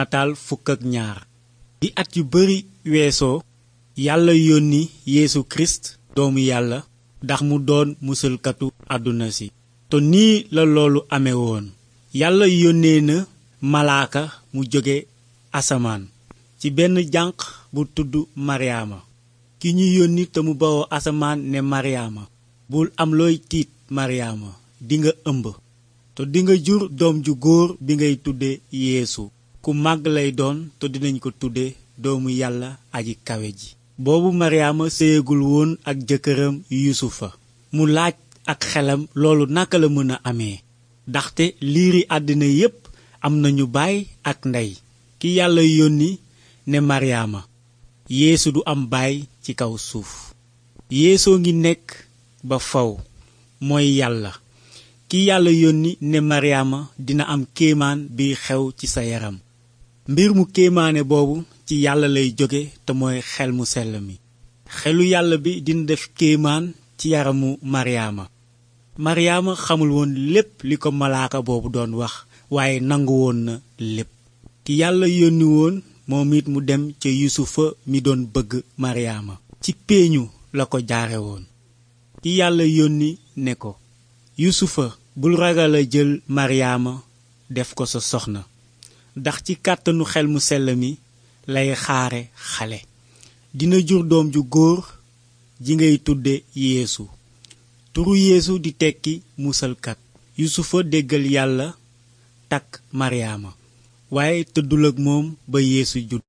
nataal fukk ak ñaar di at yu bari weesoo yàlla yónni yeesu kirist doomu yàlla ndax mu doon musalkatu àdduna si te nii la loolu amee yàlla yónnee na malaaka mu jóge asamaan ci benn jànq bu tudd maryaama ki ñu yónni te mu bawoo asamaan ne maryaama bul am looy tiit maryaama dinga ëmb te dinga jur doom ju góor bi ngay tuddee yéesu ku màgg lay doon te dinañ ko tudde doomu yàlla aji kawe ji boobu maryaama séyagul woon ak jëkkëram yusufa mu laaj ak xelam loolu naka la mën a amee ndaxte liiri àddina yépp am na ñu baay ak ndey ki yàlla yónni ne maryaama yéesu du am baay ci kaw suuf yéesoo ngi nekk ba faw mooy yàlla ki yàlla yónni ne maryaama dina am kéemaan bi xew ci sa yaram mbir mu kéemaane boobu ci yàlla lay jóge te mooy xel mu sell mi xelu yàlla bi dina def kéemaan ci yaramu maryaama maryaama xamul woon lépp li ko malaaka boobu doon wax waaye nangu woon na lépp ki yàlla yónni woon moom it mu dem ca yusufa mi doon bëgg maryaama ci peeñu la ko jaare woon ki yàlla yónni ne ko yusufa bul ragal a jël maryaama def ko sa soxna ndax ci kàttanu xel mu sell mi lay xaare xale dina jur doom ju góor ji ngay tudde yéesu turu yéesu di tekki musalkat yusufa déggal yàlla takk maryaama waaye tëddul ak moom ba yeesu judd